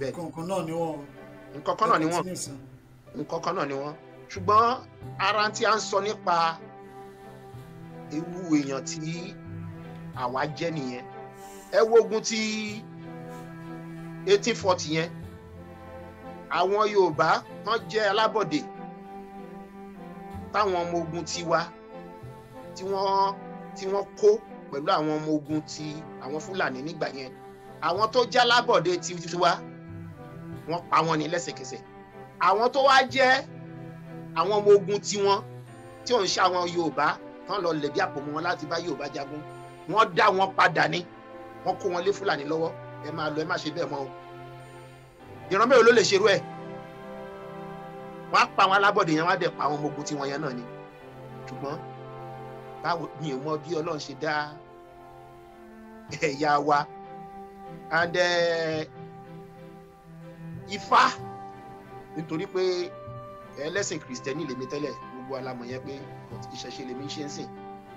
nǹkan náà ni wọ́n. nǹkan náà ni wọ́n nǹkan náà ni wọ́n ṣùgbọ́n ara tí a ń sọ nípa ewu èèyàn tí àwa jẹ́ nìyẹn ẹ wo ogun tí eighteen forty yẹn àwọn Yorùbá tán jẹ́ alábọ̀dé táwọn ọmọ ogun tiwa tí wọ́n tí wọ́n kó pẹ̀lú àwọn ọmọ ogun ti àwọn Fúlàní nígbà yẹn àwọn tó jẹ́ alábọ̀dé tiwa. Ti wọ́n pa wọ́n ní lẹ́sẹ̀kẹsẹ̀ àwọn tó wá jẹ́ àwọn ọmọ ogun tiwọn tí ò ń ṣe àwọn Yorùbá tán lọ lẹ̀dí àpò mọ́ wọn láti bá Yorùbá jagun wọ́n dá wọn padà ní wọ́n kó wọn lé Fúlàní lọ́wọ́ ẹ máa lọ ẹ má ṣe bẹ́ẹ̀ mọ́ o ìran mẹ́rin ló lè ṣerú ẹ̀ wọ́n á pa àwọn alábọ̀dé yẹn wọ́n á dẹ̀ pa àwọn ọmọ ogun tiwọn yẹn náà ni ṣùgbọ́n báwo ni ìmọ̀ bí Ọlọ́run ṣe dá ẹ̀yà wa and uh, ifá nítorí pé ẹlẹ́sìn kìrìsìtẹ́nì lèmi tẹ́lẹ̀ gbogbo alamọ̀ yẹn pé ìṣẹ̀ṣe lèmi ṣe ń sìn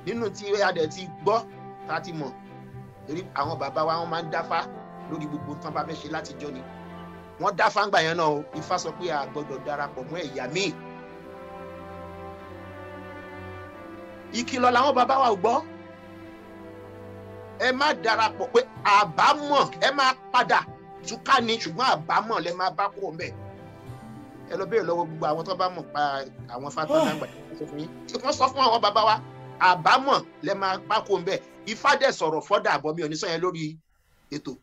nínú tí adẹ̀ ti gbọ́ tá a ti mọ̀ torí àwọn bàbá wa wọn máa ń dáfá lórí gbogbo tán bá fẹ́ ṣe látijọ́ ni wọ́n dáfá ńgbà yẹn náà ifá sọ pé a gbọ́dọ̀ darapọ̀ mọ́ ẹ̀yà míì ìkìlọ̀ làwọn bàbá wa ò gbọ́ ẹ má darapọ̀ pé àbámọ̀ ẹ má padà túká ni ṣùgbọ́n àbámọ̀ lẹ máa bá kúrò ńbẹ̀ ẹ lọ béèrè lọ́wọ́ gbogbo àwọn tó bá mọ̀ pa àwọn Ifá tó dàgbà tí wọ́n sọ fún àwọn bàbá wa àbámọ̀ lẹ máa bá kúrò ńbẹ̀ Ifá dẹ̀ sọ̀rọ̀ fọ́dà àbọ̀mí ọ̀nísàn yẹn lórí ètò